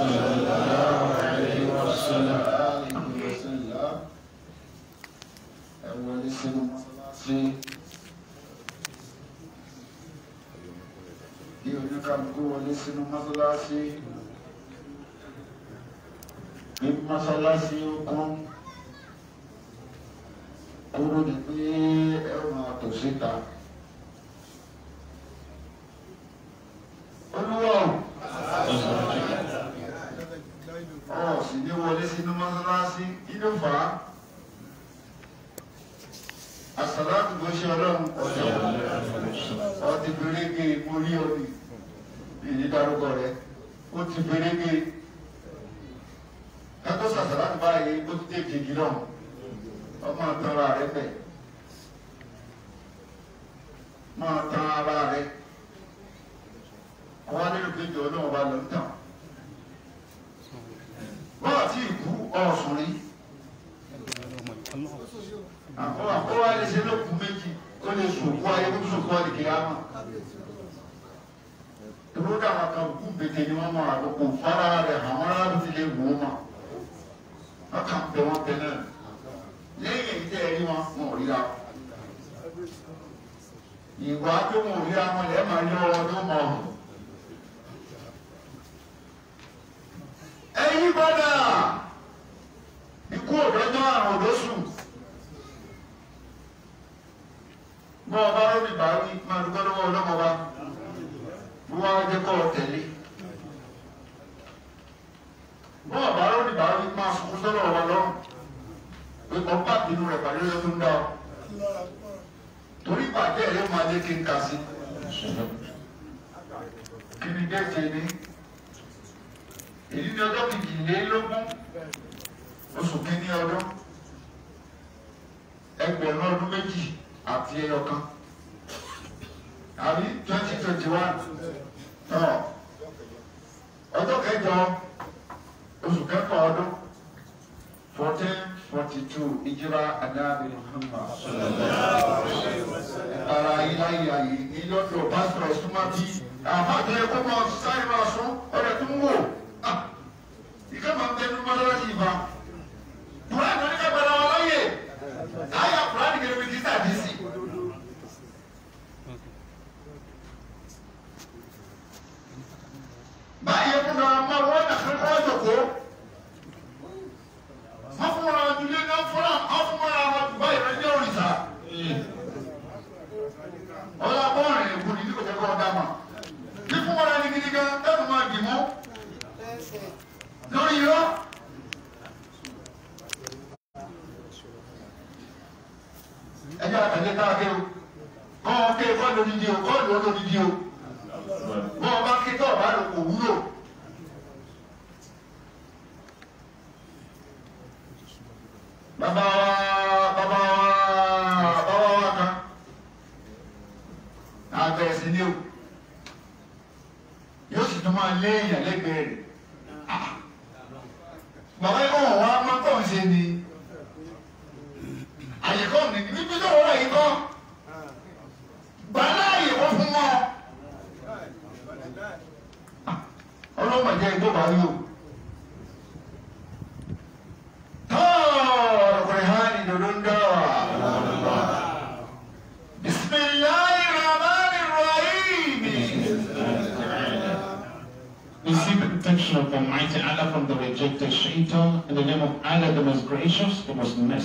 صلى الله عليه وسلم أول سنة bí oníkàlùkù wọlé sínú mọ́sálásí bí mọ́sálásí ó kún kúrò ní pé ẹ̀rùn àtò síta. olúwa ò. ló fà á àsàlátù bó ṣe ọlọ́run ọ̀dọ̀ ọtí gbèrègbè mo rí omi ìdídarúgbọ rẹ ó ti gbèrègbè kátó sàsàlátù báyìí ó ti dé kejì náà ọmọ àtàrà rẹ bẹ máa tan ara rẹ àwọn nílò kejì ọlọ́run bá lọ ń tàn wọ́n àti ìkú ọ̀sùn rí ó wá lè ṣe lókun méjì ó lè sòkó ayé ó sòkó àdìgẹ́ àmà ìlú dàgbà kan kú bètè ni wọ́n mọ̀ àkókò fara rẹ̀ àwọn aráàlú ti lè wò ó mà wọ́n kà ń bẹ wọ́n bẹ náà lẹ́yìn ìdí ẹ̀rí wọn wọn bọ́dà ikú òdọ́jọ́ àrùn òdóṣù bọ́ ọba rómi bá wí máa dúpẹ́ lọ́wọ́ ọlọ́mọba wọ́n á jẹ́ kọ́ tẹ̀lé bọ́ ọba rómi bá wí máa fún sọ́rọ̀ ọba lọ́rùn pé ọba bínú rẹ̀ pàdé ló ń dá ọ torí pàdé ẹ̀rẹ́ máa jẹ́ kí n kà sí kí ni dẹ́ẹ̀tì ni èyí ni ọjọ́ kejìlélógún oṣù kínní ọdún ẹgbẹ̀rún ọdún méjì àti ẹyọkan àbí twenty twenty one ọjọ́ kẹjọ oṣù kẹfà ọdún fourteen forty two ìjìrà adáàbí Muhammad ara iláyé ayé ní lọ́dọ̀ pásítọ̀ súnmọ́ bí àbájọ ẹ̀kọ́ máa sáré máa sún ọ̀rẹ́ tó ń wò ah! ìkẹ́ máa ń bẹnu mọ́lá ìbá kúrẹ́ àná nígbà gbọ́dọ̀ wọn lóye àyà kúrẹ́ àná gẹ̀rẹ́ wíkì tàbí sí. báyìí fún wa máa wọ́n nà fún ọ́ jòkó wọ́n fún wa dúdú ní wọ́n fún wa wọ́n fún wa wọ́n ti báyìí rẹ̀ ní òrìṣà. ọlọ́ bọ́ọ̀rìn èkó ni nígbà tó kọ́ ọ́ dá mọ́ ní fún wa ní gidi gan tẹ́lẹ̀ máa dì mọ́ lórí irọ́. ẹjọ́ àtẹ̀lé káàkiri o kọ́ ọ ké kọ́ lódìdí o kọ́ lọ́ lódìdí o bọ́ ọ bá ké tọ́ ọ bá lò kò wúlò. bàbá wa bàbá wa bàbá wa kan àgbẹ̀ ni o yóò sì tún máa lé èèyàn lẹ́gbẹ̀ẹ́ rẹ̀.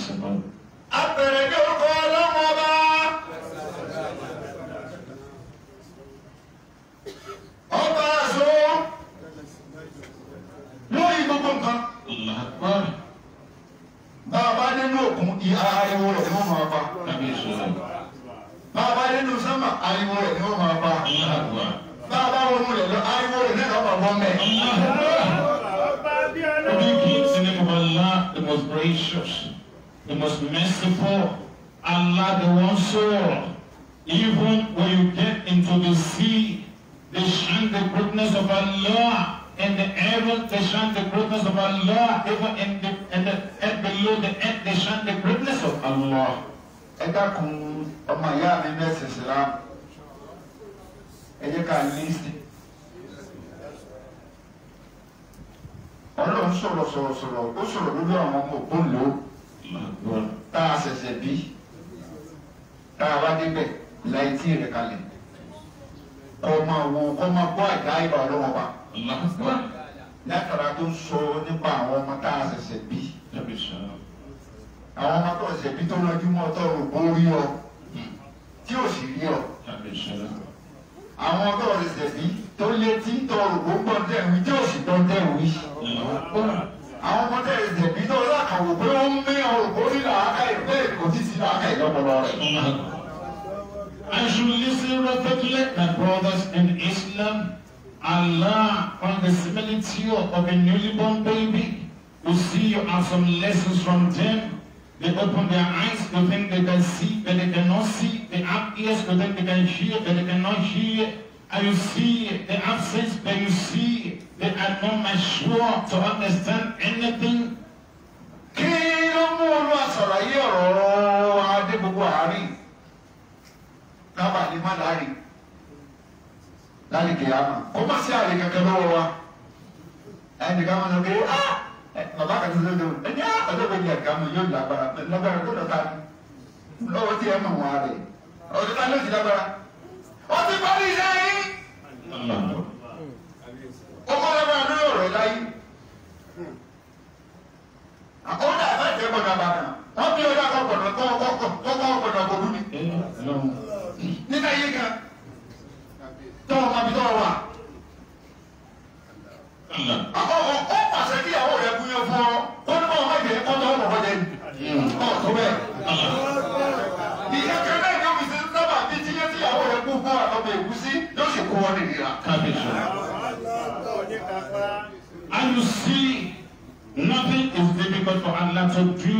Awesome. tó ń sọ nípa àwọn ọmọ tá a ṣẹ̀ṣẹ̀ bí àwọn ọmọ tó ṣẹ̀ṣẹ̀ bí tó lọ́jú mọ́ tó rò bó rí ọ tí ò sì rí ọ àwọn ọmọ tó ṣẹ̀ṣẹ̀ bí tó létí tó rò bó gbọ́n dẹ̀wí tí ò sì gbọ́n dẹ̀wí àwọn ọmọ tó ṣẹ̀ṣẹ̀ bí tó lákàwọ̀ pé ó ń mí ọrùn kó rí làákà ìpẹ́ kò tí sí làákà ìlọ́pọlọ rẹ̀. I should listen respectfully my brothers in Islam. Allah, on the similitude of a newly born baby, You see you have some lessons from them. They open their eyes to think they can see, but they cannot see. They have ears to think they can hear, but they cannot hear. And you see they have sense, but you see they are not mature to understand anything. Kí ló mú olú àsọ̀rọ̀ yí ọ̀rọ̀ adé gbogbo àárín? Lábàá ni má láàrin láti kìyà mà kó má sí àyè kankan lọ́wọ́ wa ẹnì kan wọn sọ pé ah bàbá kan ti sọ́dọ̀ ẹni ah ọjọ́ bẹ́ẹ̀ ni ẹ̀ka mọ̀ yóò lágbára lágbára kó lọ́ta lọ́wọ́ não ẹ mọ̀ wọn rẹ̀ ọjọ́ ta ló ti lágbára ó ti parí iṣẹ́ yín ó kọ́ lágbára lórí ọ̀rọ̀ láyé ó dà bá jẹ́ gbọ́dọ̀ àbàdàn wọ́n bí ọjọ́ akọ̀kọ̀ náà kọ́ ọkọ̀ ọkọ̀ ọkọ̀ ọkọ̀ náà kò dúni nígbà yìí kan tọ́wọ́ ma fi tọ́wọ́ wa. àkọ́kọ́ ó pàṣẹ kí ìyàwó rẹ̀ gúnyán fún ọ kó ní bọ́ọ̀ má jẹ́ kó tọ́wọ́ bọ̀ bọ́jẹ́ ọ̀ tó bẹ́ẹ̀. ìyá kẹfẹ́ ìjọ mi ti sábà bí jíjẹ tí ìyàwó rẹ̀ kú fún àtọ́mọ ègúsí yóò sì kó wọn nìyíra. And you see, nothing is difficult for Allah to do.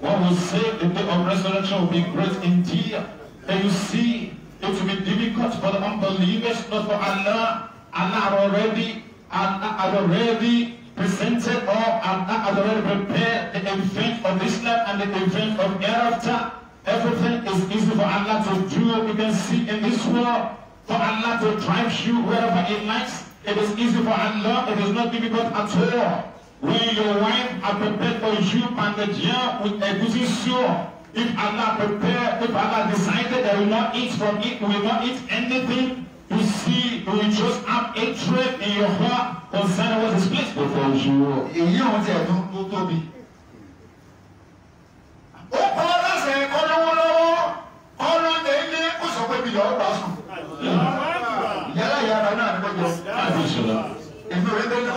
What we say the day of resurrection will be great indeed. And you see, It will be difficult for the unbelievers, not for Allah. Allah already, Allah already presented or Allah already prepared the event of Islam and the event of hereafter. Everything is easy for Allah to do. We can see in this world, for Allah to drive you wherever it likes. It is easy for Allah. It is not difficult at all. When your wife are prepared for you, and the year with a good soul, If Allah prepared, if Allah decided that we will not eat from it, we will not eat anything, you see, you just have hatred in your heart concerning what is placed before you. Èyí àwọn tí ẹ̀dùn tó tóbi. Ó kọ́ lọ́sẹ̀ kọ́ lọ́wọ́ lọ́wọ́, kọ́ ló ń délé kó sọ pé mi lọ́ọ́ gbà sùn. Yàrá yàrá náà ni wọ́n jọ. Èmi ò rí bẹ́ẹ̀ ni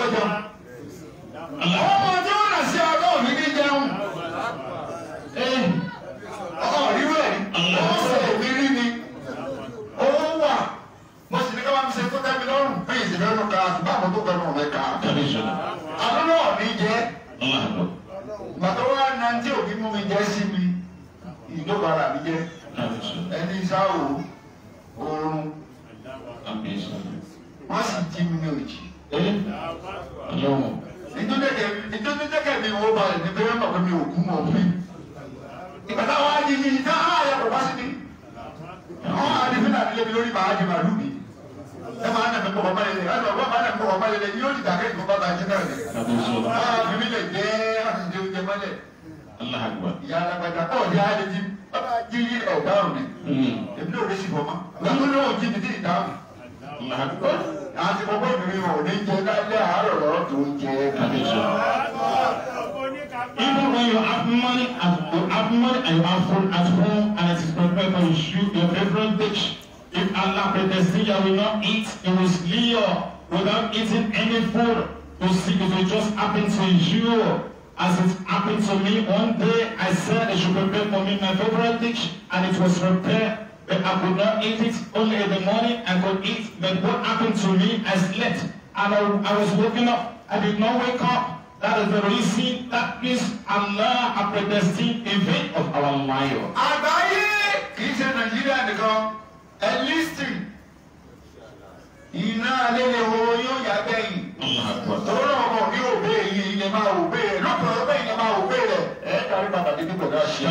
gánà ká àtúbà mọ́tò gánà ọ̀bẹ ká. àdúrà ọ̀mí jẹ́ bàtọ́ nàntí òbí mú mi jẹ́ sí mi ìjọba mi jẹ́ ẹni sáwò oorun wọ́n sì jí mi òjì. ìjọba jẹ́kẹ̀ mi wo balẹ̀ ní bẹ́ẹ̀ bàbá mi ò kú mọ̀ mi. ìgbà táwọn á yí yí táwọn kó bá sí mi. wọ́n á di fúnà nílé mi lórí màá di màlúù mi ẹ máa nà mí kọ̀ ọmọ yẹn lẹ ẹ lọ bá nà mí kọ̀ ọmọ yẹn lẹ yóò ti dàgé ìfọ̀ bàbá jẹ́ náà lẹ. aa bíbí lè jẹ́ àtijọ́ oúnjẹ mọ́lẹ̀. ìyá alágbàdà ọ̀ ní alẹ́ jí bàbá jí yí ọ̀dáhùn ni èmi náà ò lè ṣì bọ̀ mọ́ lọ́kùn náà ò jí mi dì dáhùn. àti gbogbo obìnrin ò ní jẹ lálẹ́ àárọ̀ lọ́rọ̀ tó ń jẹ. Even when you have money at, you have money and you have food at home and it is prepared for you, your favorite dish. If Allah predestined that will not eat, you will sleep without eating any food. You see, it will just happen to you. As it happened to me one day, I said they should prepare for me my favorite dish, and it was prepared. But I could not eat it. Only in the morning I could eat. But what happened to me, I slept. And I, I was waking up. I did not wake up. That is the reason that means Allah has predestined event of our life. Àgbáyé kì Nigeria, ṣe Nàìjíríà nìkan ẹlísìn iná alẹ́lẹ̀ owó yóò yá bẹ́yìn tọ́lá ọmọ mi ò bẹ́ yìí ìyẹn máa ò bẹ́ rẹ̀ lọ́pọ̀ ọ̀bẹ ìyẹn máa ò bẹ́ rẹ̀ ẹ̀ kárí bàbá dídí pẹ̀lú àṣìyá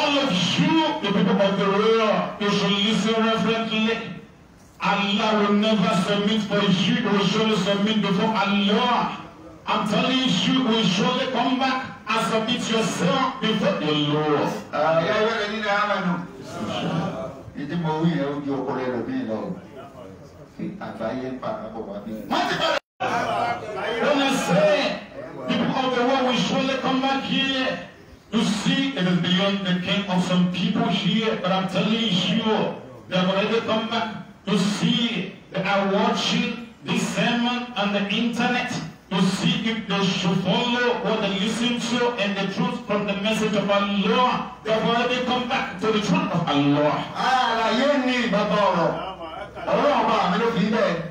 All of you, the people of the world, you should listen reverently. Allah will never submit for you, you will surely submit before Allah. I'm telling you, will surely come back and submit yourself before the Lord. Uh, yeah, yeah, yeah, yeah, yeah, yeah. ìdí mo wí yẹn ojú ọkọlẹ rẹ bí lọ àgbáyé pa àbọ̀ wá bí. wọ́n ti bẹ̀rẹ̀. When I say people of the world will surely come back here to see it is beyond the ken of some people here but I'm telling you they have already come back to see they are watching this sermon on the internet. To see if they should follow what they listen to and the truth from the message of Allah, therefore they come back to the truth of Allah. Ah, ló fi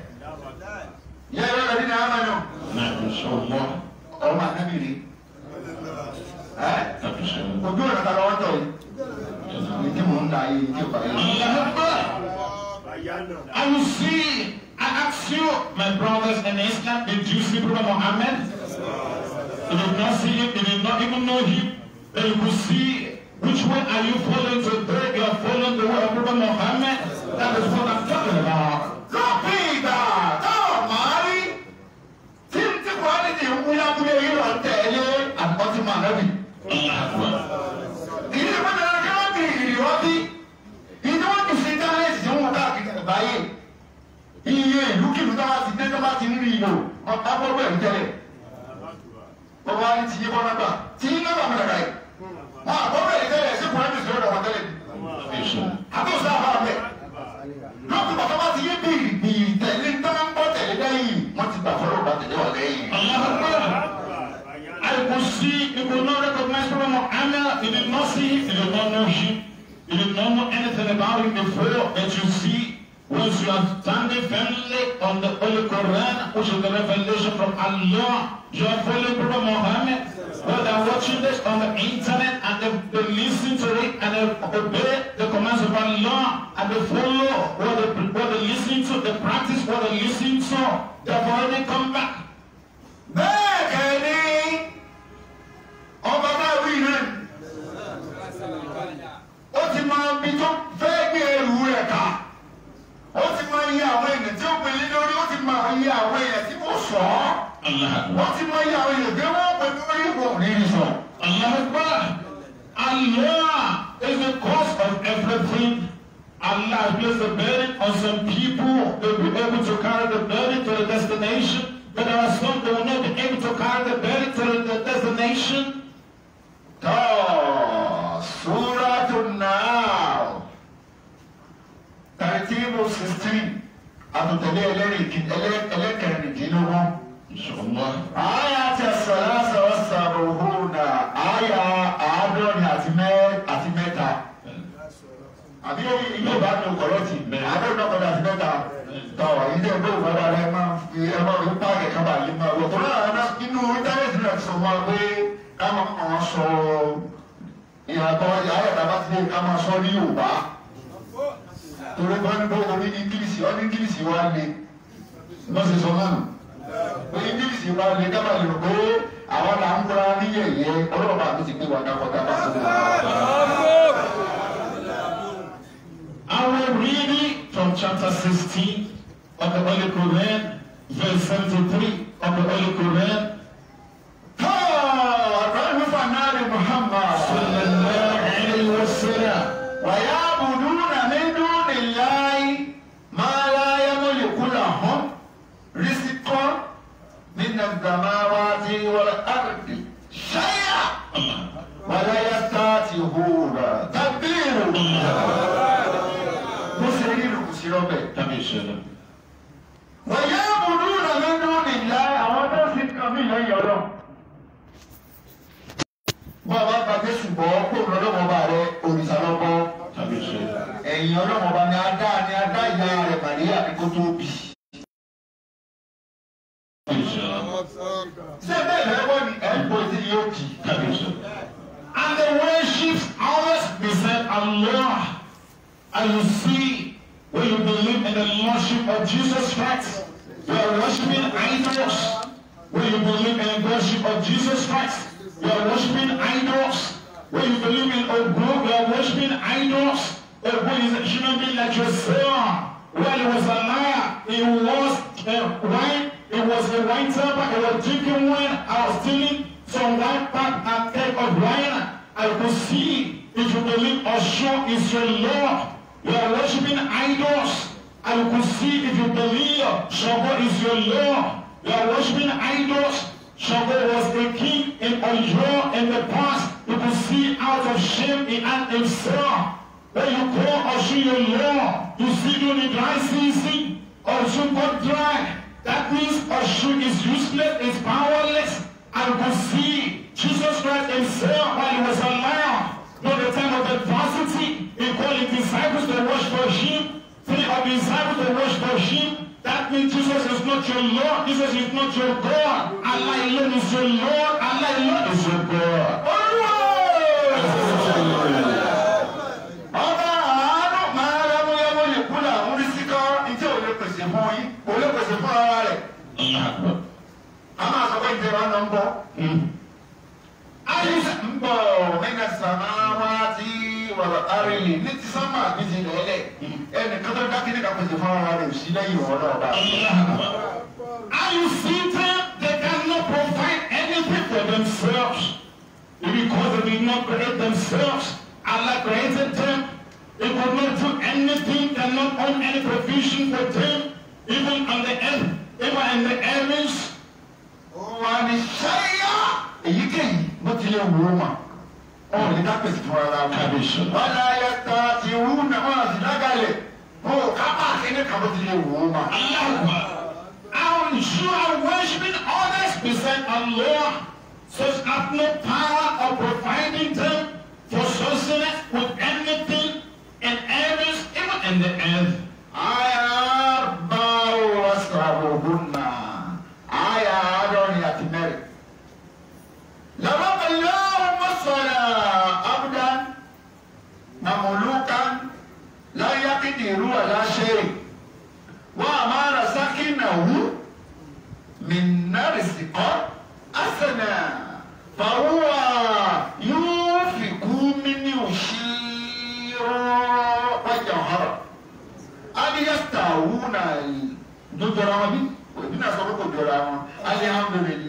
I will see. I ask you, my brothers in Islam, did you see Prophet Muhammad? You did not see him, you did not even know him, but you could see which way are you following today? You are following the way of Prophet Muhammad? That is what I'm talking about. Go be that! Go, Mari! Think the quality of Uya Kuya on Tele and Fatima Nabi. Ìdí ìpínlẹ̀ Gánàbì ìrìwọ́bí, ìdí wọ́n ti ṣe dáhẹ́sì tí wọ́n wọ́n káàkiri àgbáyé iye ìlúkìlú tó bá ti dé tó bá ti rí ìlò ọ̀tá gbọ́dọ̀ ẹ̀rú tẹ́lẹ̀ ọba ní ti yé bọ́nà gbà tí iná bàmí rẹ̀ rẹ̀ wọn àkọ́kọ́ ẹ̀rí tẹ́lẹ̀ sí kùnrin mi sọ̀rọ̀ ọ̀wọ́ tẹ́lẹ̀ àtúnṣe àwọn ọ̀rẹ́ lókùn bàtà bá ti yé bìrì bìrì tẹ̀lé tó tẹ̀lé lẹ́yìn wọ́n ti gbà fọlọ́ bá tẹ̀lé wà lẹ́yìn. I could see you could not did not did not know him. did not know anything about him before that you see Once you are standing firmly on the Holy Quran, which is the revelation from Allah, you are following Prophet Muhammad. but they are watching this on the internet and they, they listen to it and they obey the commands of Allah and they follow what they, what they listen to, they practice what they listen to. They have already come back. sọ ọ́. wọ́n ti mọ iye àwọn èèyàn bí wọ́n pè ní orí wọn ò ní Allah is the cause of everything. Allah placed the burden on some people. They will be able to carry the burden to the destination. But there are some that will not be able to carry the burden to the destination. God àtúntẹ̀lé ẹlẹ́kẹrìndínlógún. àyà ti sàlásà ọ̀sàbòhùnà àyà àádọ́rin àti mẹ́ta. àbí ilé ìbánu kọ̀rọ̀ tì àádọ́rin ọkọ̀dọ̀ àti mẹ́ta. tọ́ ilé ìgbé ìfọdà rẹ máa fi ẹmọ rẹ páàkì kábà lè máa wọ. tó náà nínú íńtánẹ́ẹ̀tì náà sọ wọn pé ká máa sọ ìrànlọ́wọ́ àyà tá a bá ti dé ká máa sọ ní Yorùbá torí bá ń gbọ́ orí ingilisi ọ́ ní ingilisi wa le lọ́sẹ̀ sọ náà pé ingilisi wa le dábàá lè rò àwọn là ń kura ní yẹ̀yẹ́ ọlọ́ọ̀bà mi ti gbé wa dákọ̀ dábàá sí wa. I from chapter sixteen of the Holy Quran, verse twenty-three of the Holy Quran. من السماوات والأرض شيئا ولا يستطيعون تدبيره مسلمين مسلمين like feel. Jesus is not your God. Allah alone is your Lord. Allah alone is your God. Ọba àánú máa rámú yẹ́wó lè kú là ń rí síkọ́ ìdí òun lè pèsè fún yín òun lè pèsè fún ara rẹ̀. A máa sọ pé ìjẹba náà ń bọ̀. Ayíṣẹ́ ń bọ̀ nínú sàmáwá tí wàlá arìnrìn ní ti sámà ní ti lọ́lẹ̀. Ẹnì kan tó dá kí ní ká pèsè fún ara rẹ̀ sí lẹ́yìn ìwọ náà bá you see them? they cannot provide anything for themselves because they did not create themselves. Allah created them. They could not do anything, cannot own any provision for them, even on the earth, even in the heavens. Wàmí ṣáyà èyíkéyìí bó ti lè wò woman. Oh, Ó ní dápẹ̀sì fún ara wọn. Kábíyèsí. Bọ́lá ayé ta ti wú nàmọ́ àti dágàlẹ̀. Ó kápá sí ní kàbó ti lè wò ó mà. and you are worshiping others beside Allah, such have no power of providing them for sustenance with anything and others even in the earth. hasana fahuwa yóò fi kú mímí òṣìṣẹ́ wájà ọ̀hárọ̀ aliyasta wúna dojọra wọn bí òbí náà sọ pé kò jọra wọn alihamdulilayi.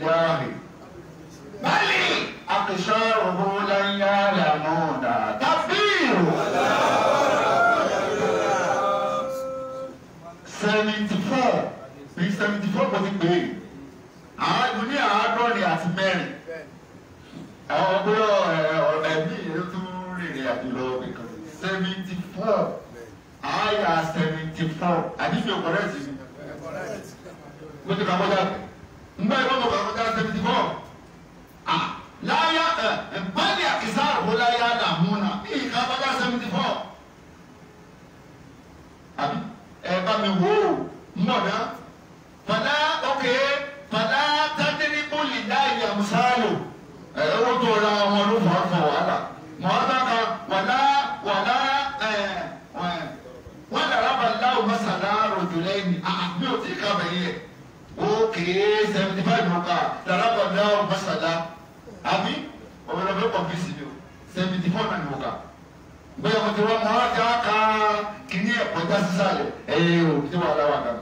àdìsí ò kọ̀rẹ́ẹ̀tì mo ti kà mọ́tà. bẹ́ẹ̀ mo ti wá náà já ká kí ní ẹ̀kọ́ já sísàlẹ̀ ẹ̀yẹ òbí tí wàá láwàá kan.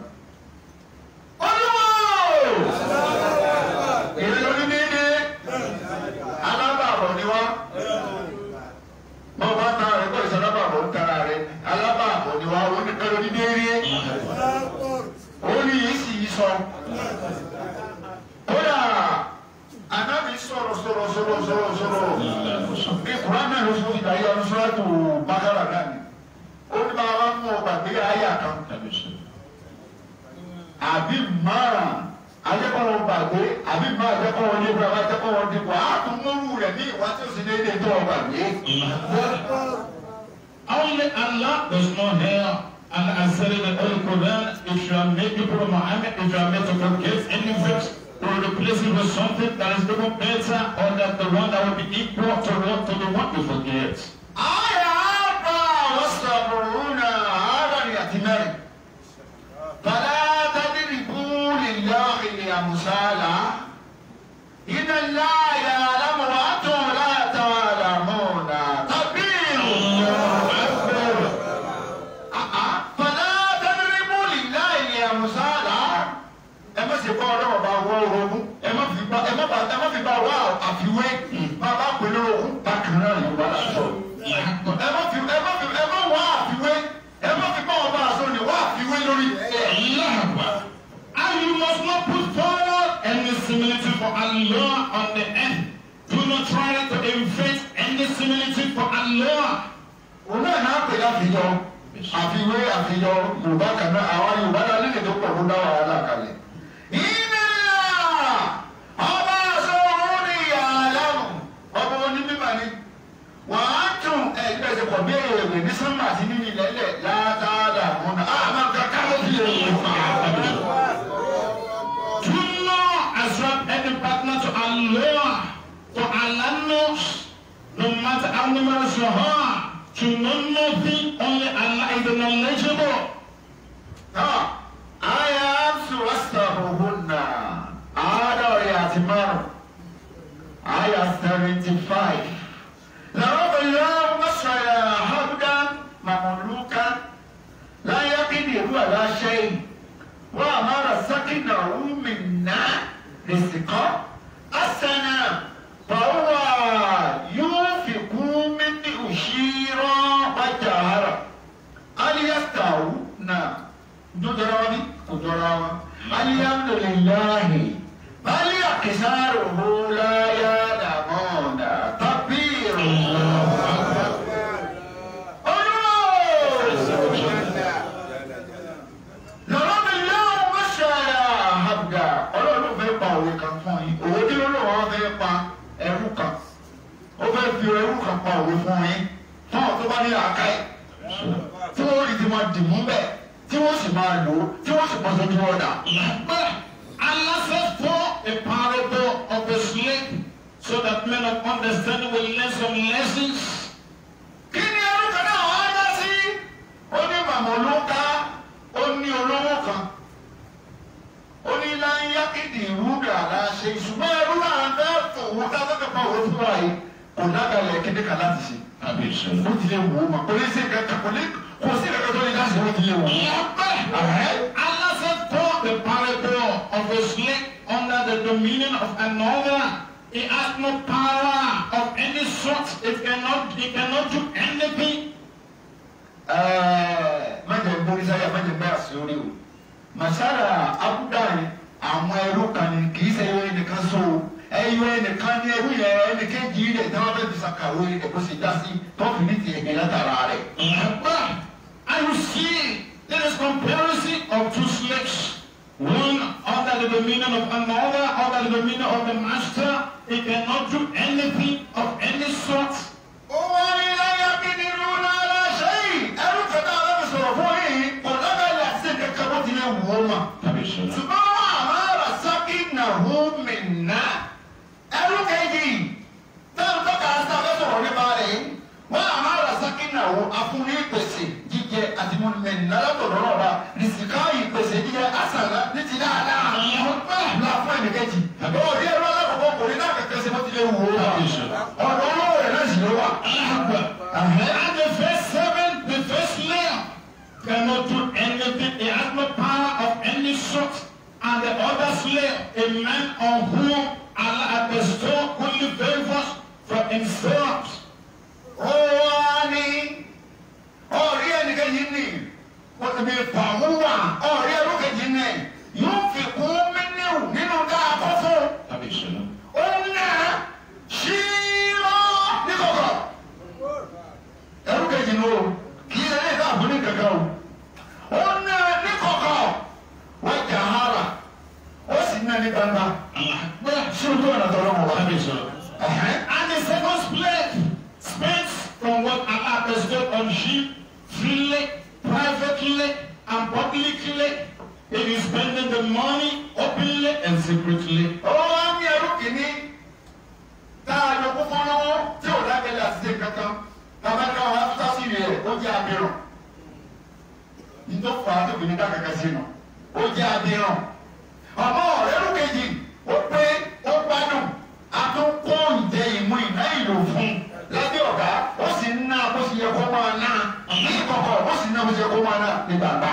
gbàgbé àbí máa tẹ́kọ̀ wọn ní ìbúra máa tẹ́kọ̀ wọn dìbò á rẹ̀ ní ìwà tí ó sì déédéé tó ọgbà gbé. Only Allah does not hear and accept the Holy Quran if you are made people of Muhammad, if you are made to forgive any verse will replace it with something that is even better or that the one that will be equal to, what to the one you forget. responsibility for Allah. òun náà náà pè láfijọ́ àfiwé àfijọ́ yorùbá kan náà àwọn yorùbá náà lílè tó pọ̀ fún dáwọ̀ wàhálà kalẹ̀. ìnà ọba aṣọ òun ni yàrá ọmọ onímọ̀ ni wàá tún ẹ̀ẹ́dẹ́gbẹ̀sẹ̀ pọ̀ bí èrè ní sánmà sí nínú ilẹ̀ lẹ̀ látàá. animal zohar to know nothing only Allah is the knowledgeable. Now, I am Surasta Huhunna. Ada Yatima. kan kì í ṣe ẹyọ ẹnìkan so ẹyọ ẹnìkan ni ẹrú yẹ ẹnìkejì rẹ táwọn bẹ fi sàkàwé ẹkọ sì dá sí tọ́ọ̀fù ní ti ẹ̀gbẹ́ látara rẹ̀. àgbà I will see there is comparison of two slaves one under the dominion of another under the dominion of the master It cannot do anything of any sort. ó wá innahu minna ẹrú kejì táwọn tọ́ka sáfẹ́ sọ̀rọ̀ nípa rẹ̀ yìí wọ́n á máa rà sákìnàwó afúnni ìpèsè jíjẹ àti mọ̀nìmẹ̀nì lálọ́tọ̀dọ̀ náà bá rìsíkà ìpèsè jíjẹ àṣàlá ní ti dáadáa àwọn ọgbẹ́ àbúlá fún ẹnì kejì àbẹ́ òde ẹ̀rọ alákọ̀ọ́kọ́ kò ní náà kẹ̀kẹ́ sí mọ́tìlẹ̀ wò ó ọ̀dọ̀ olóòrè náà sì ló wà. And the first servant, the first layer cannot do anything, he has no power of any sort and the other slave a man on whom Allah had bestowed only favors from himself. Ó wá ní ọ̀rí ẹnìkejì ní òtùbí pàmùwà ọ̀rí ẹnìkejì ní yóò fi kún mílíọ̀nù nínú ká àkọ́fọ́. Ó ná sí lọ ní kọ̀kọ̀. Ẹnìkejì ní o kì í ẹni ká àbúrò kankan o. Ó ná ní kọ̀kọ̀ wọ́n jà hàrà ó sì ní ẹni gbangba ṣùgbọ́n ọ̀nà tọ̀rọ̀ mọ̀ wá. And the second split spends from what Allah bestowed on him freely, privately, and publicly. He is spending the money openly and secretly. Ó wá ní ẹrú kìíní tá a yọ kó fọ́n lọ́wọ́ tí ò lágbẹ́lẹ́ àti ṣe kankan. Bàbá kan wá sásìrì rẹ̀ ó jẹ́ abirùn. Ntọ́ fà á tóbi ní dákàkà sí nù tó jẹ́ abirùn ọmọ ọ̀rẹ́rù kejì ó pé ó gbádùn a ǹjẹ́ ìmú iná ìlò fún lábẹ́ ọ̀gá ó sì ń ná bó ṣe yẹ kó máa ná ní ìkọ̀kọ̀ ó sì ná bó ṣe yẹ kó máa ná ní bàbá.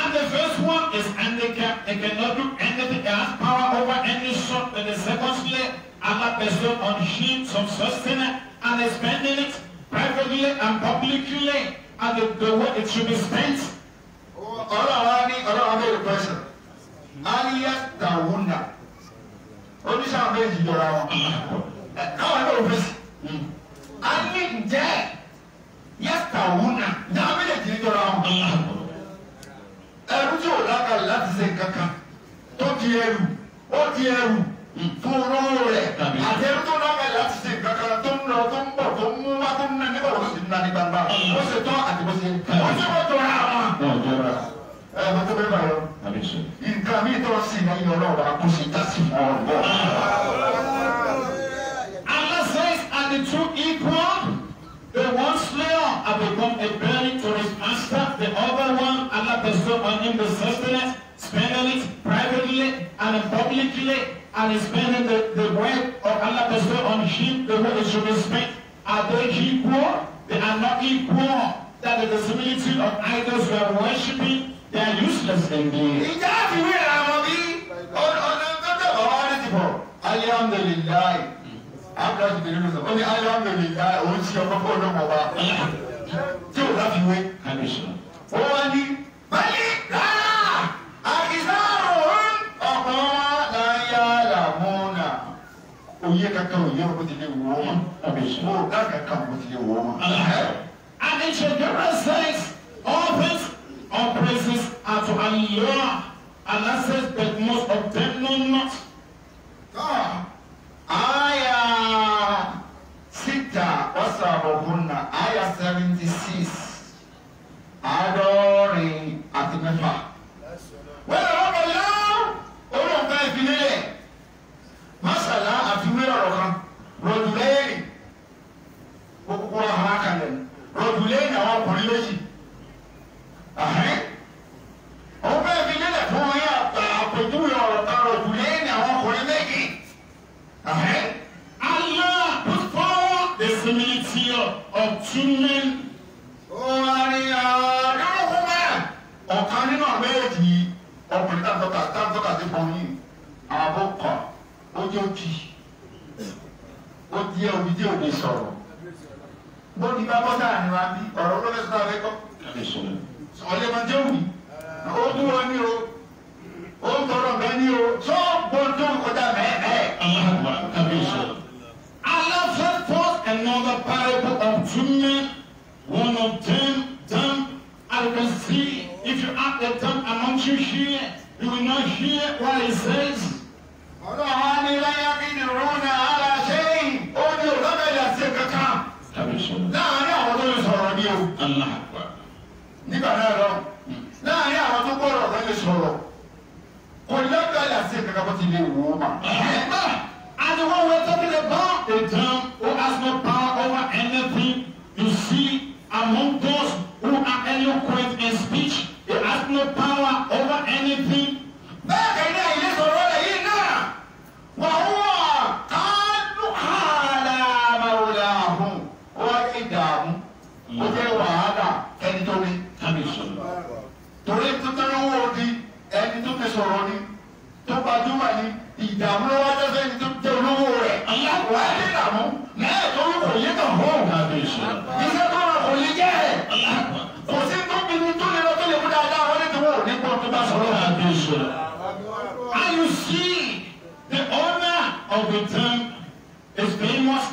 And the first one is handicapped. They cannot do anything. They have power over any shop. And secondly, Allah bestows on him some sustenance and spending it privately and publicly. And the, the way it should be spent ọlọ́run wa ní ọlọ́run bẹ̀rẹ̀ pẹ̀sẹ̀ aliya tawuna oníṣàwọn bẹ́ẹ̀ jì jọra wọn káwọn bẹ̀rẹ̀ pẹ̀sẹ̀ ali njẹ́ yẹ tawuna náà bẹ́ẹ̀ jì jọra wọn ẹrú tí o lákàlẹ̀ láti ṣe kankan tó di ẹrù ó di ẹrù fún olówó rẹ̀ àti ẹrú tó lákàlẹ̀ láti ṣe kankan tó ń lọ tó ń bọ̀ tó ń mú wá tó ń nà nígbà wọ́n sì ń nà ní gbangba ó ṣe tán àti bó ṣe ń tẹ̀. ó ṣe wọ́n jọra wọn ẹ ẹ tó bẹ́ẹ̀ báyọ̀ nǹkan mi tọ́ sí lẹ́yìn ọlọ́run àkóso ìtàsí fún ọ̀rọ̀. Allah says and the two equal the one slayer have become a belly to his master the other one Allah bestow on him the sustenance spending it privately and publicly and is spending the the wealth of Allah bestow on him the way it should be spent are they equal they are not equal that is the similitude of idols we are worshiping they are useless and being. ìjà àfiwé àwọn bí ọ̀nà tọ́tẹ̀ bọ̀ wá ní tìbọ̀. alihamdulilayi abdulayi bin lulu sọ ni alihamdulilayi òun ti ọkọ fún ọdún ọba tí o láfi wé. ó wá ní bali rárá àkìsáró ọ̀pọ̀ wọn náà yá làmúnà. òye kankan òye ọkọ ti lè O wọn. mo dá kankan ọkọ ti lè wọ́ wọn. and it should give us sense of his. All praises are to Allah. Allah says that most of them know not. God. Ayah sita wasabahunna ayah seventy six àádọ́rin àti mẹ́fà. Wẹ́n lọ́wọ́ bọ̀ yá olóògbé ìbílẹ̀ masala àfiwé ọ̀rọ̀ kan rọ̀dùlẹ́yìn gbogbo àwọn akalẹ̀ rọ̀dùlẹ́yìn àwọn ọkùnrin méjì òun bẹ́ẹ̀ fi lélẹ̀ fún wọn yá àpèjúwe ọ̀rọ̀ kan rò jù lẹ́yìn àwọn ọkùnrin méjì. Allah put forward the similitude of two men. orin ọdún kúmẹ ọ̀kan nínú àbẹ́ẹ̀dì yìí ọkùnrin táǹtọ́ka táǹtọ́ka ti pọ̀ yìí àbúkọ ó jẹ́ òjì ó jẹ́ òbí jẹ́ òbí sọ̀rọ̀ bó ti bá bọ́ sáà ni bí ọ̀rọ̀ ló fẹ́ sọ́ta ọ̀lẹ́ máa jẹ́ wù ó kú wọn ní o ó ń tọrọ nǹkan ní o tó gbọ́dọ̀ kọjá mẹ́ẹ̀ẹ́. aláàbà kábíyèsí. Allah said first another parable of two men one of them dumb and can see if you ask the dumb among you here you will not hear what he says. It does.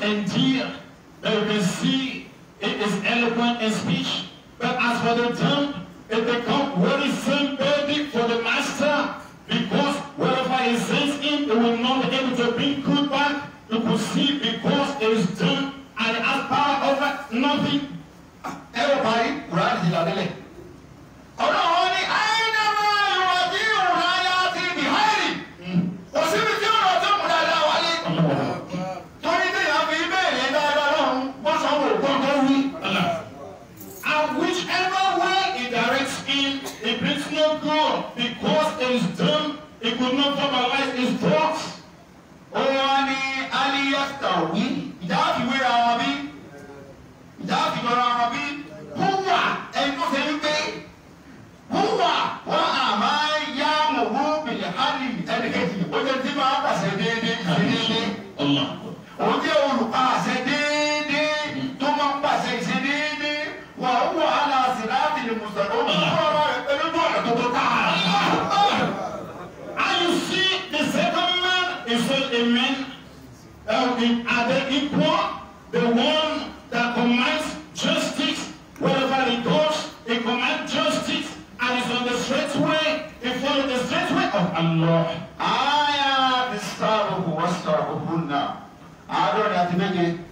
and dear, they can see it is eloquent in speech. But as for the tongue, it becomes very burden for the master, because wherever he sends him, it will not be able to bring good back to proceed because it is done and it has power over nothing could not formalize his thoughts. Ó wá ní Aliyasta wí. Ìjà á fi wéra wọn bí. Ìjà á fi jọra wọn bí. Húwà ẹni tó ṣe wípé. Húwà wọ́n àmọ́ yá mọ̀wó bìlẹ̀ hálì ẹni kejì. the one that commands justice wherever he goes. He commands justice and is on the straight way. He follows the straight way of Allah. I am the Star of of I don't have to make it.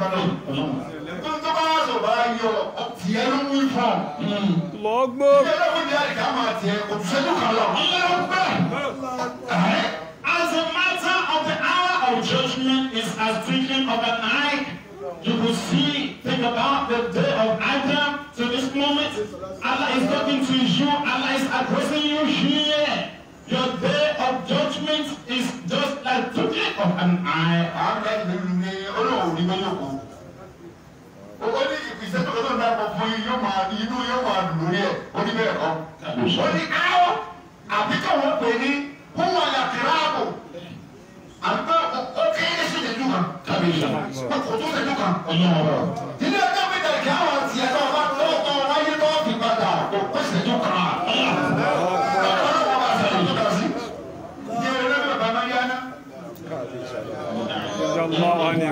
as a matter of the hour of judgment is as thinking of an eye. You will see, think about the day of Adam to this moment. Allah is talking to you. Allah is addressing you here. Your day of judgment is just like the day of an eye. Ààrẹ lè you olóòwò ní mẹ́yọ̀kọ́. O ní ìpìsẹ́ tó lọ́dọ̀ náà kọ fún yín yóò máa inú yóò máa dùn lórí ẹ̀ ó ní bẹ́ẹ̀ kọ́. O ní áwọ̀ àbí kò wọ́n pè ní kúwọ̀n làkìrá àbò. Àbúkọ́ ó kéré sí ìdẹ́jú kan. Tàbí ìṣẹ̀. O kò tó ìdẹ́jú kan. Ọlọ́run. Ilé ọjọ́ pé tẹ̀lé kí àwọn àti ẹ̀ka ọ̀gá lọ́wọ́ kan wáyé lọ́wọ́ padà. and the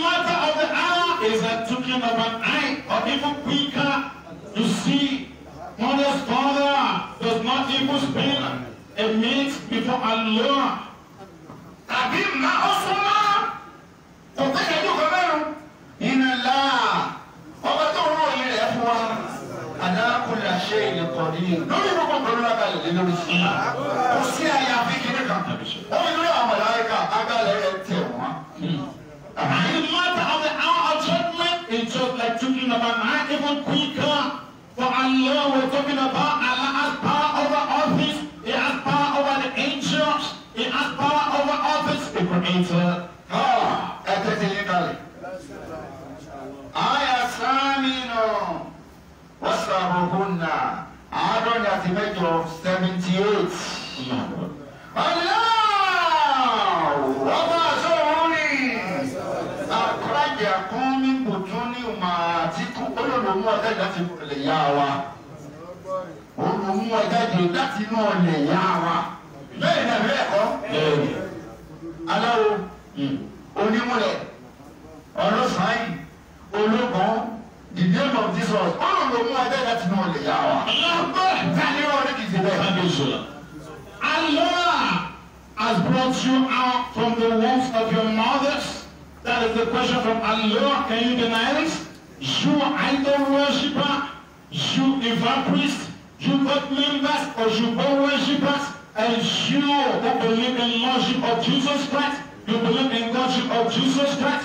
matter of the hour is that talking of an eye or even quicker you see mother's father does not even spend a minute before Allah. tàbí ma ó kò tó ṣẹ́jú kan mẹ́rin iná láà ọba tó ń ròyìn rẹ̀ fún wa alákùnrin àṣẹ ìlẹ̀kọ̀ ní lórí gbogbo pẹ̀lú abalẹ̀ lé lórí sí i kò sí àyàfi kiri kan wọ́n yóò àwọn màláíkà abalẹ̀ ẹ̀ ti yín kalẹ̀. àyà sáàmìnà wàsàbùhùnà àádọ́ni àti mẹ́jọ seventy eight. ọ̀là wọ́pọ̀ àṣọ̀húnrì àkọ́jà kún ní kùtù ní ìmọ̀ àtìkú olólùmú ọ̀tẹ̀ láti lè yá wa olùmú ọ̀jáde láti inú ọ̀lẹ̀ yá wa bẹ́ẹ̀ ni àbẹ́ ẹ̀kọ́ aláwo onímúlẹ̀ ọ̀rọ̀ sáyìn ológun the name of Jesus ọ̀rọ̀ ló mú ajá láti náà lè yá wa. tani ọ̀rẹ́ kìí ṣe bẹ́ẹ̀. Allah has brought you out from the wombs of your mothers. That is the question from Allah. Can you deny it? You idol worshiper, you evil priest, you God members or you God worshippers, and you who believe in lordship of Jesus Christ, you believe in Godship of Jesus Christ,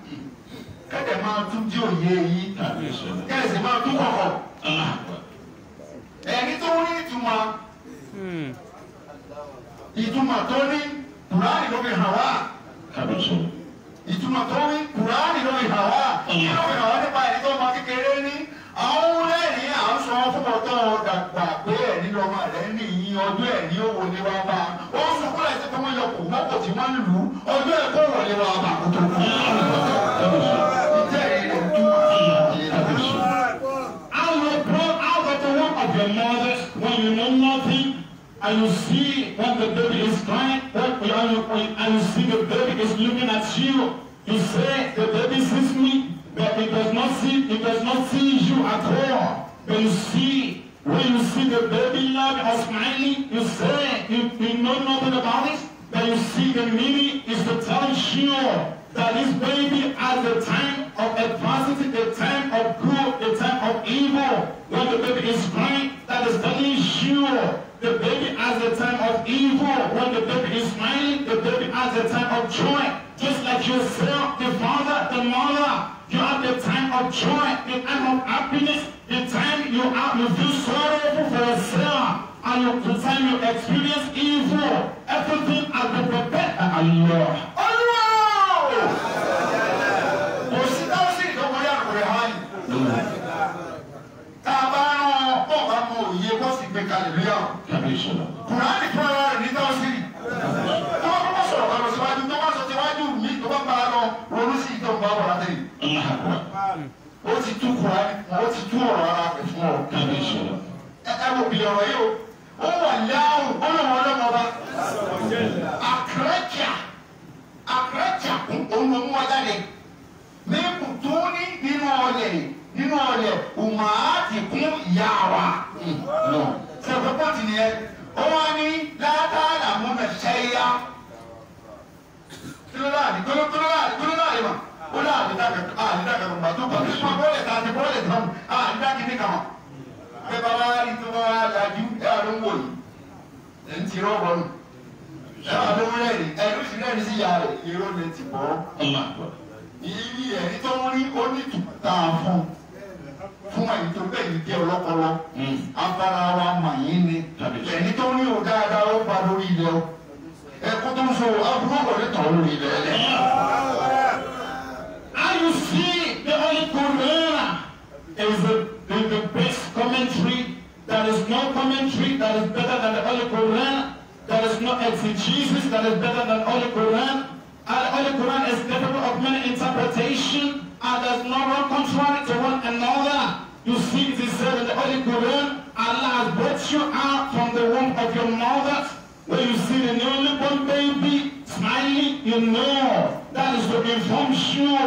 kẹ́kẹ́ máa tún jí òye yìí kẹ́sì máa tún kọ̀kọ̀ ẹni tó ní ìtumọ̀ hmm. ìtumọ̀ tó ní kùránì ló fi hàn wá ìtumọ̀ tó ní kùránì ló fi hàn wá kí ló fi hàn wá nípa ẹni tó ọmọ kékeré ní àwọn lẹ́yìn à ń sọ fún ọtọ́ dàgbà pé ẹ̀rí lọ́mọ rẹ̀ nìyí ọdún ẹ̀rí òwò ni wàá bá ó sunkún láti fún wọn yọ kò mọ́kò tí wọ́n lù ọdún ẹ̀kọ́ wọlé wàá bá kó tó and you see that the baby is crying, that you are, and you see the baby is looking at you, you say, the baby sees me, but it does not see, it does not see you at all. But you see, when you see the baby laughing or smiling, you say, you, you know nothing about it, but you see the meaning is to tell you that is waving at the time of adversity, the time of good, the time of evil, when the baby is crying, that is very sure the baby has the time of evil. When the baby is smiling, the baby has the time of joy. Just like yourself, the father, the mother, you have the time of joy, the time of happiness, the time you are you feel sorrowful for yourself, and you, the time you experience evil. Everything has been prepared by Allah. Allah! kò sí tafsiri tó kọjá àkùrẹ́ hàn yìí tá a bá rán pọ̀ bá mọ òye wọ́n sì gbé kalẹ̀ lóyà o kùránì fúnra rẹ̀ ní tafsiri tó bá kọ́kọ́ sọ̀rọ̀ kan lọ síwájú tó bá sọ síwájú mi tó bá bá a lọ ronú sí ìtọ́ bá wà látẹ̀ o ti tú kùránì o ti tú ọ̀rọ̀ ara rẹ̀ fún ọ òun ló mú wọn jáde mímu tó ní nínú ọlẹ̀ nínú ọlẹ̀ òmà á ti kún ìyá wa sọ̀rọ̀ pọ́ǹtì nìyẹn ó wá ní látàlà múnà ṣẹ́yà kí ló láàdì kí ló láàdì kí ló láàdì mà ó láàdì dákàtà àdì dákàtà gbàtú bọ́ọ̀lù tó bọ́ọ̀lù tó àti bọ́ọ̀lù tó àdì dákìtì kàmá pé bàbá rí tó bá lajú ẹ̀ àdó ń wò yìí ẹ̀ ń tirọ̀ wọ̀ nù ẹni tó ń rẹ́rìn ẹni fi rẹ́rìn sí ìyá rẹ̀ èrò ni ti bọ́. ìrírí ẹni tó ń rí onítùkú tá a fún fún ẹni tó bẹ́ẹ̀ ní jẹ́ ọlọ́pọlọ hmm. afárá wa mà yín ni ẹni tó ń rí o dáadáa ó ba lórí ilẹ̀ o ẹkú tó ń so aburú ọ̀rẹ́ tàn lórí ilẹ̀ ẹ̀. How you see the Holy Quran is the, the, the best commentary. There is no commentary that is better than the Holy Quran. There is no exegesis that is better than Holy Quran. And Holy Quran is capable of many interpretation and there's no one contrary to one another. You see, it is said in the Holy Quran, Allah has brought you out from the womb of your mother. When you see the newborn baby smiling, you know that is to inform you.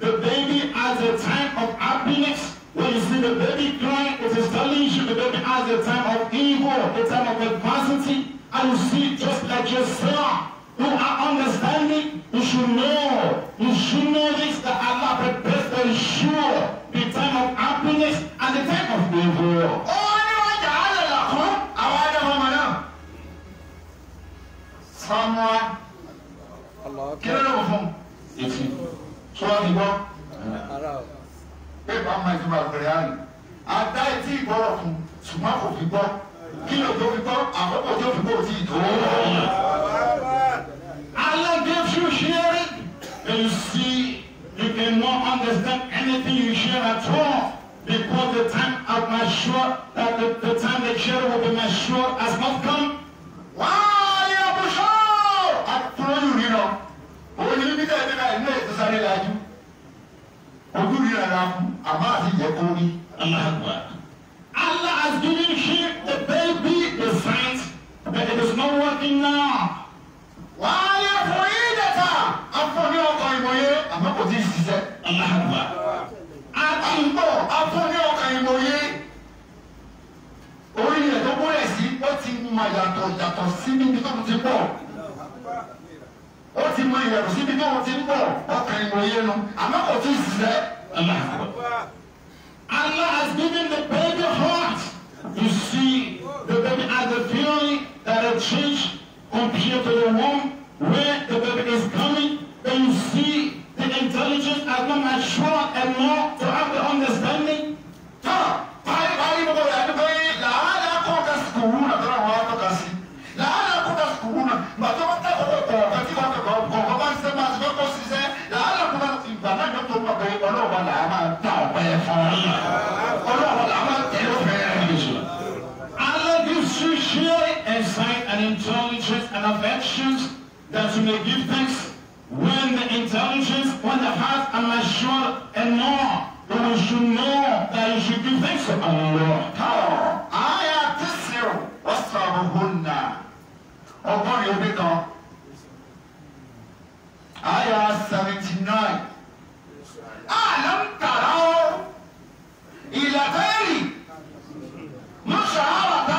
The baby has a time of happiness. When you see the baby crying, it is telling you the baby has a time of evil, a time of adversity, and you see, just like Josiah, who are understanding, you should know. You should know this, that Allah prepares for you the time of happiness and the time of evil. actions that you may give thanks when the intelligence, when the heart are mature and more, then you should know that you should give thanks to Allah. How? Aya tisiru wasabuhunna. Ọgbọ́n yóò bí kan. Aya seventy nine. Alam tara o. Ìlàtẹ́rì. Mọ̀ṣáárà tá.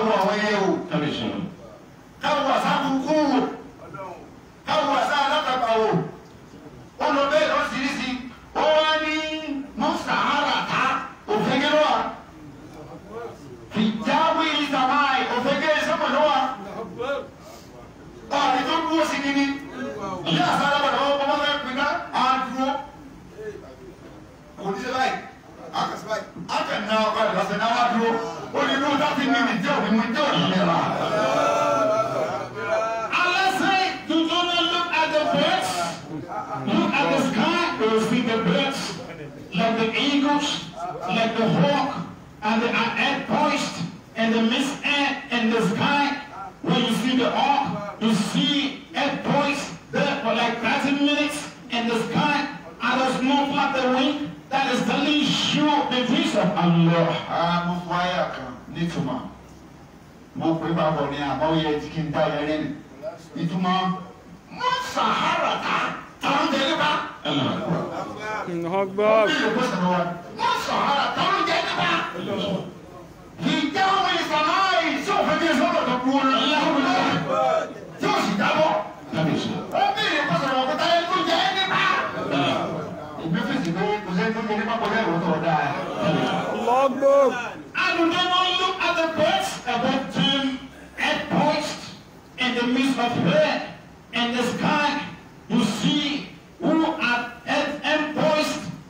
káwọ àwọn ẹyẹ o káwọ àṣà kúkú wò káwọ àṣà alákàtà wò ó lọ bẹ́ẹ̀ lọ sí ní sí ó wá ní mùsàárà tá òfegè ló wà fìjáwé ìsàmáì òfegè ìsọ́pọ̀ ló wà ọ̀rẹ́ tó dúró sí ni ilé àṣà alábàdàn wọn bọ́ fẹ́ pinna á dúró kò báyìí akẹ́sí báyìí ìgbàsẹ̀ náà wá dúró ó ní ti mímì. like the hawk and the uh, ant poised and the mist ant in the sky. When you see the hawk, you see ant poised there for like 30 minutes in the sky. And the snow the wing. That is telling you the peace of Allah. mo pe bàbọ̀ ni àmọ́ yẹ kí n dá yẹn lẹ́nu ìtumọ̀ mo sàhárà ká tàwọn tẹ̀lé bá. ọgbọ́n sọ̀hárà táwọn jẹ́ look at the ìṣó òfin sọ̀rọ̀ tó in the midst of air in the sky you see who are at end post.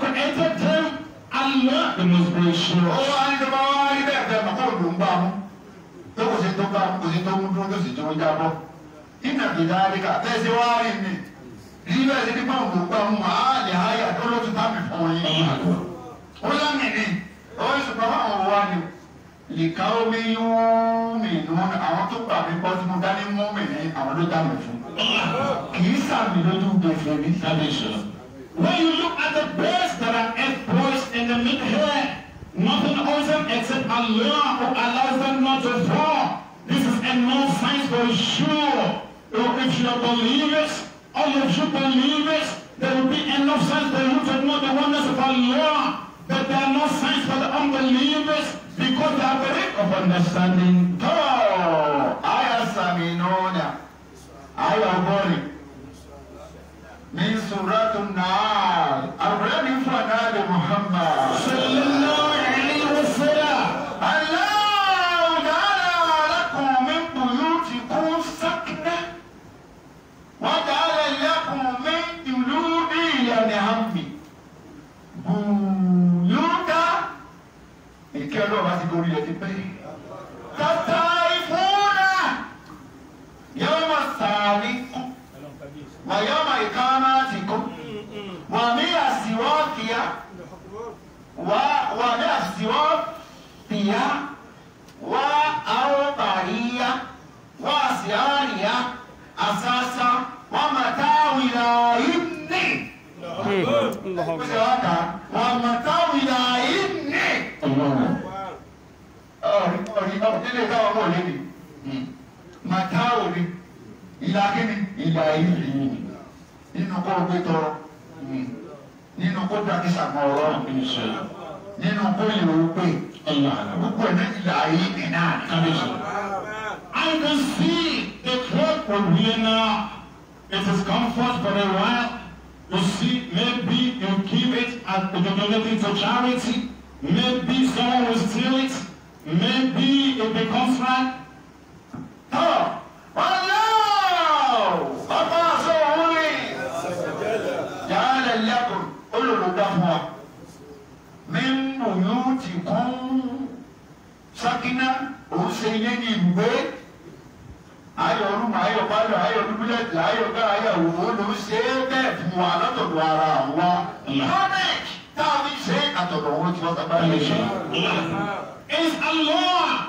created them Allah the most gracious. ó wá ní tó bá wá rí bẹ́ẹ̀ bẹ́ẹ̀ màkà òdò ń bá mu tó kò sí tó bá mu kò sí tó mú dúró tó sì tó ń jábọ́ iná tó dá rí ká tẹ́sí wá rí mi rí bẹ́ẹ̀ sí ní bá òdò ń bá mu mà á lè háyà tó ló ti bá mi fún yín. ó lámì ni ó sì pa fún àwọn wa ni lìkà omi yún mi nù àwọn tó gbà mí gbọ́ tí mo dání mú mi ní àwọn ló dá mi fún kì í sàmì lójú gbèsè ní sábẹ́ ìṣòro. When you look at the birds that are earth in the mid-air, nothing owns them except Allah who allows them not to fall. This is enough signs for sure. If you believe it, all of you believe it, there will be enough signs for you to know the wonders of Allah. But there are no signs for the unbelievers because they are very of understanding. Oh, I am Saminona. I am worried. ní suratu náà àwòrán ní fún àdáàdì Muhammad. sallallahu alayhi wa sallam. Allahu ta'ala lakum min buyutikum sakna wa ja'ala lakum min julubi al-hammi. buyuta ìkẹ́ ọlọ́run àti gorí ẹ̀ ti pẹ́. tata ìfúnra yawma sàlí. ويوم إقامتكم ومن السواقية ومن السواقية وأوطارية وأسيارية أساسا ومتاع إلى إبني ومتاع إلى إبني ọ̀rí ọ̀rí ọ̀dílé táwọn ọmọ òlé ìgbà yìí yìí nínú kó o nínú kó dàkí sàmọ nínú kó yẹ pé gbogbo ẹ̀ náà ìgbà ni náà. I can see the crowd for here now. It is comfort for a while. You see, maybe you give it and you donate to charity. Maybe someone will steal it. Maybe it becomes right. Oh, well, yeah ọgbọ́n sọ òun ni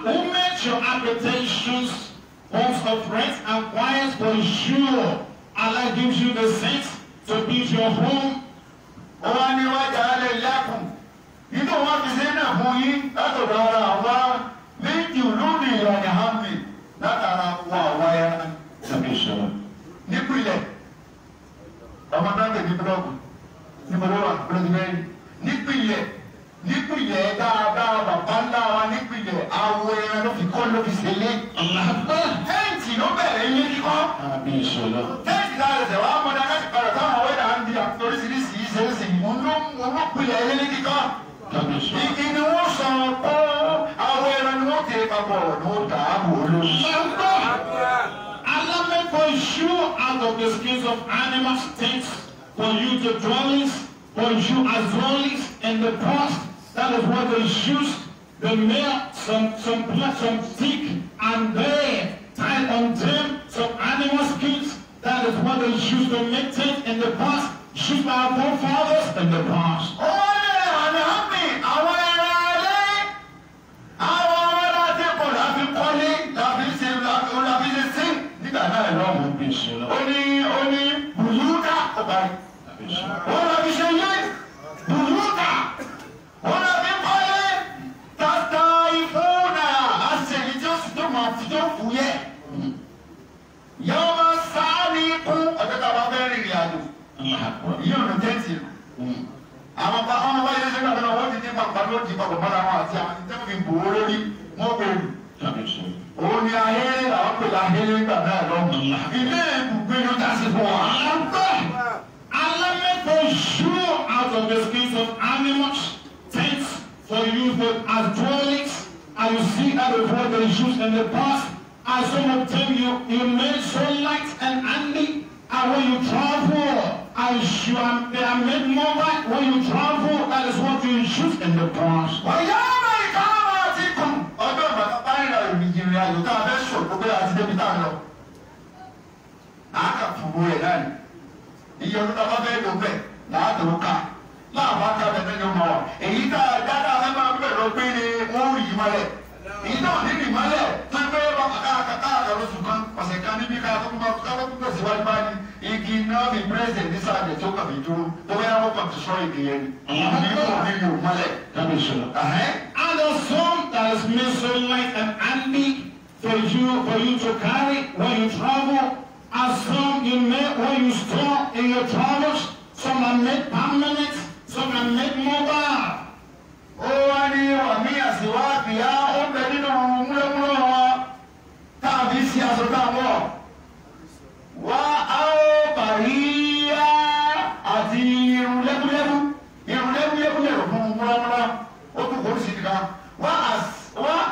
who makes your applications homes of rest and quiet for sure. Allah gives you the sense to build your home. Ó wá ní wájà alẹ́ lákùn. Nínú wọn fi sẹ́yìn náà fún yín látọ̀dọ̀ ara àwa ní ìlú ní ìrọ̀lẹ́ Hamdi látara wọn àwa ya tàbí sọ̀rọ̀. Nípìnlẹ̀ ọmọ náà lè ní búlọ́ọ̀gù ní mo lọ́wọ́ àgbẹ̀rẹ̀ nípìnlẹ̀ nípìnlẹ̀ dáadáa bàbá ńlá wa nípìnlẹ̀ awọ ẹran ló fi kọ́ ló fi ṣẹlẹ̀. tẹ́ǹtì ló bẹ̀rẹ̀ yín kọ́. tẹ́ǹtì náà lè tẹ̀ wá mọ́dá láti padà táwọn wẹ́dà ń di àforíṣiríṣi ìṣeéṣe olópinlẹ̀ ilé kíkọ́. igi ni wọ́n sọ pé awọ ẹran ni wọ́n tẹ̀ papọ̀ ni wọ́n dà á wò ló. Allah make for you That is what they used the mayor some, some, some stick, and they tied on them some animal skins. That is what they used to make things in the past, used our forefathers in the past. Oh! yíyan ní tẹ́ǹtì àwọn bá wọn wáyé ṣe kí àtàwọn wọn ti dín papọ̀ ló di papọ̀ mọ́ra wọn àti àwọn tẹ́wọ́n fi bò ó lórí wọn kò lù. òun ni ayé àwọn pèlè ayé nígbà náà lọ. ilé ibùgbé ló dá sí fún wa. àgbà alámẹ́kọ̀ọ́ sure out of the skins of animals tents for use both as dwellings and you see how the before they used in the past as some of you you made so light and handy and when you travel and you are, they made mobile when you travel that is what you use in the past. ọ̀yá ọmọ ìkáwọ́ àti kùn ọjọ́ ìbàdàn bá ìrìn àjò ìrìn àjò tá a fẹ́ sọ gbogbo àti débi tá a lọ. àákà fòwò ẹ̀ náà ni iye ọdún náà bá fẹ́ lò bẹ́ẹ̀ láàdùn ká láàbá ká bẹ́ẹ̀ ni wọ́n rì í mọ́lẹ̀ èyí náà ní rì mọ́lẹ̀ tó ń bẹ́ẹ̀ bá kàkà kàkà àgàlóṣù kan igi náà president nísàlẹ̀ tó kàn fi dúró bóyá wọ́n kàn fi sọ èdè yẹn ni ní kò ní yóò mọ́lẹ̀. That is And the song that is made so light and handy for you for you to carry when you travel and some you make when you store in your travels some are made permanent some are made mobile. Ó wá ní wàmí àsìwá àbíyá ready to move, múlẹ́múlẹ́ wọn táàbí sí aṣọ táwọn. wá á bàrí yá àti irun lẹ́kúlẹ́kú irun lẹ́kúlẹ́kú lẹ̀rọ fún múramúra ó tún kò sí nìkan wá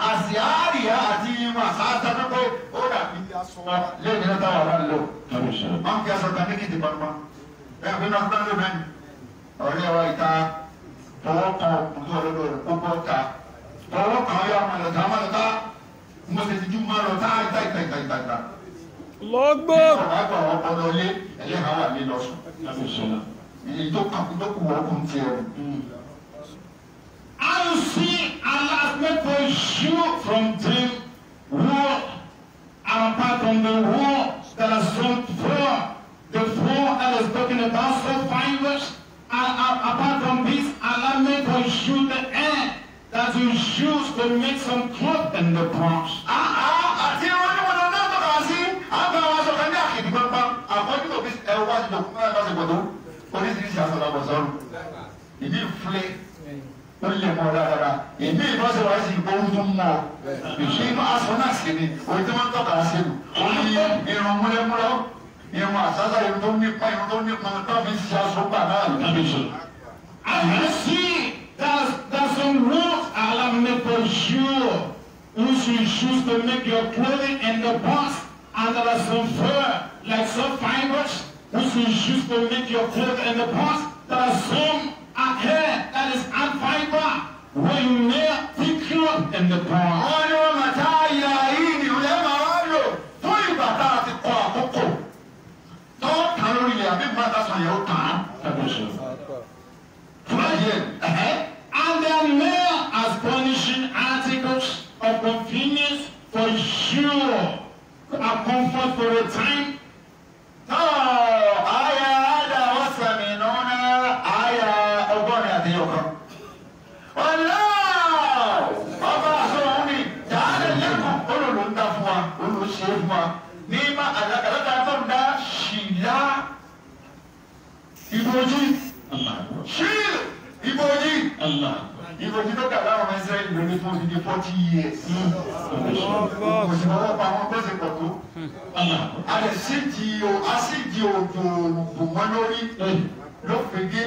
àsì àríyá àti irun àsáàtà pípé ó dà bí aṣọ lẹ́yìn náà táwọn ará lò máa ń fi aṣọ kan méjì dìbàmà ẹ̀ fi náà fúnra lónìí ọ̀rẹ́ wa ìta tọwọ́ kan ọ̀pọ̀ tó lọ́dọ̀ rẹ̀ kó bọ́ ta tọwọ́ kan yá ọmọ ìlọ̀ta ọmọ ìlọ̀ta mo lọ́gbọ́. I see Allah make you from dream war and apart from the war that is from four the four that is talking about so five words and uh, apart from this Allah make you the air that you choose to make some cloth in the box. Ah ah. bá ti dòkú náà lọ́sẹ̀ gbọ̀dọ̀ oríṣiríṣi àsọ̀làbọ̀ sọ́run ìdí ìfúlé ó lè mọ dáadáa ìdí ìbọ̀sẹ̀ wá tó ń mọ ìṣe inú ni òun tí wọ́n tọ́ka sí lu ó ní irun múlẹ́múlẹ́ irun àsásá irun tó nípa irun tó nípa tó fi ṣe aṣọ gbà náà ló dábì sọ. àyàsí dasun ru alamipojúo who should choose to make your clothing and the boss and there are some fur like some fibers. This is just to make your clothes in the past. There song ahead that is unfiber when you near thick cloth in the past. Wọ́n ní wọ́n máa tá ìyá yìí ni olè máa And there are more astonishing articles of convenience for sure. A comfort for a time àyà àdáwọ̀ sàmì nùnà àyà ọgọ́rin àti ọ̀kan. ọ̀là ọba àtọ̀hún ni dáadé lẹ́kọ̀ọ́ olùlù ń dá fún wa olùlù ṣe é fún wa ní ma àdàkàdàkà tó ń dá ṣìlá ìbòjì ìròyìn tó kà láwọn ọmọ israẹli ló ní fún odidi forty years òsì lọ́wọ́ pa wọn bẹ́sẹ̀ pọ̀ tó hmm. alẹ́ síìtì o ásìtì òjò òmọ lórí hmm. ló fege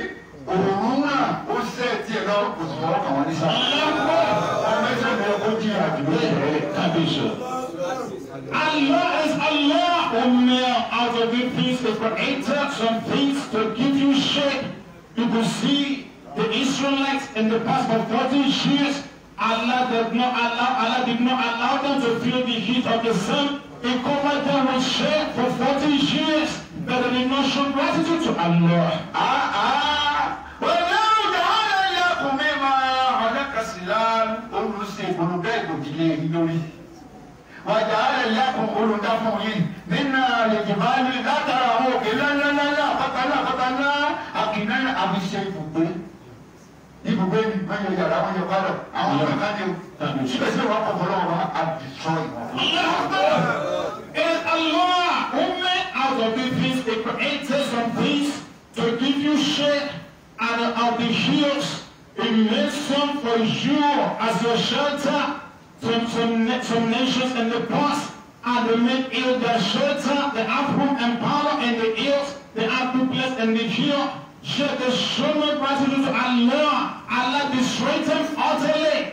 òórùn náà ó sẹ́ tiẹ̀ lọ òsì lọ́wọ́ pa wọn ní sáà hmm. ọmọ israẹli ló kó jí àdúgbò rẹ̀ kábíyèsí. Allah is Allah, Ummiyah, out of it things to create some things to give you shape. You can see the Israelites in the past for 40 years, Allah did not allow, Allah did not allow them to feel the heat of the sun. He covered them with shade for 40 years, but they did not show gratitude to Allah. Ah, ah. Wàlẹ́rù jàhálà yà kò mí máa ọ̀dẹ́ kàṣìlá olùsè olùdá ìgbòdìlé lórí. Wàjàhálà yà kò olùdá fún yìí nínú àlejò látara àwọn òkè lálálálá àpáta ńlá àpáta ńlá àkìnnà àbíṣe ibùgbé. ibùgbé mi wọ́n yẹ yàrá wọ́n wa destroy Is Allah who made out of the things they created some peace, to give you shade and of the hills he made some for you as your shelter from some, some nations in the past and the men ill their shelter, the upper and the hills, the upper place and the hill. She has shown no gratitude to Allah. Allah destroyed them utterly.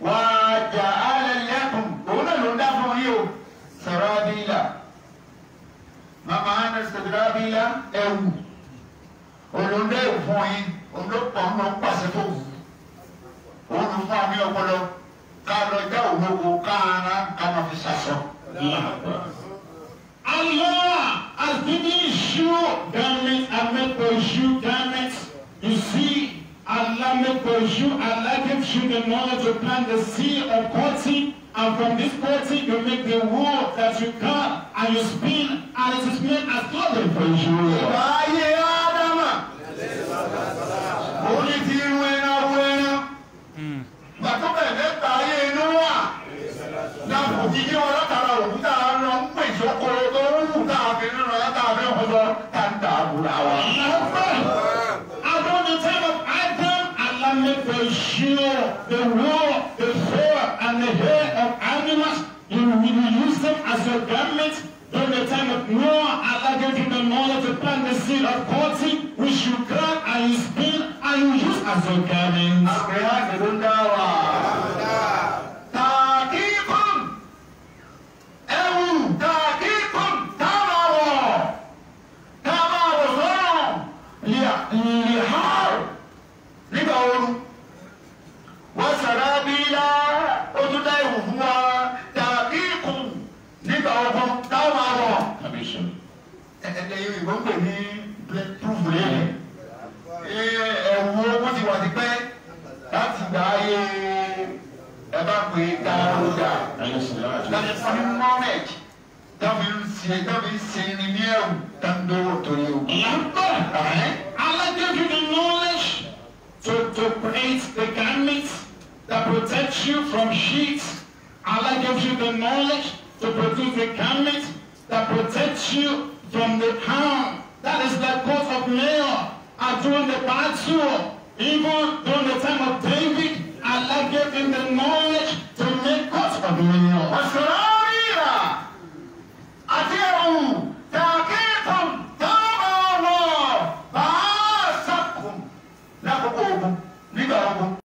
وَجَعَلَ لَكُمْ òun náà ló ń dá fún yín o. Sarabila. Màmá Anna Sarabila ẹ̀wù. Olóńdé ìfún yín. Olóòpọ̀ ń lọ pàṣẹ tó wù. Òun ló fún àmì ọpọlọ. Ká lọ já òun lóko Allah has given you garments, and made for you garments. You see, Allah made for you, Allah gives you the knowledge to plant the seed of cotton, and from this cotton you make the wool that you cut and you spin, and it is made as clothing for you. Yeah, yeah.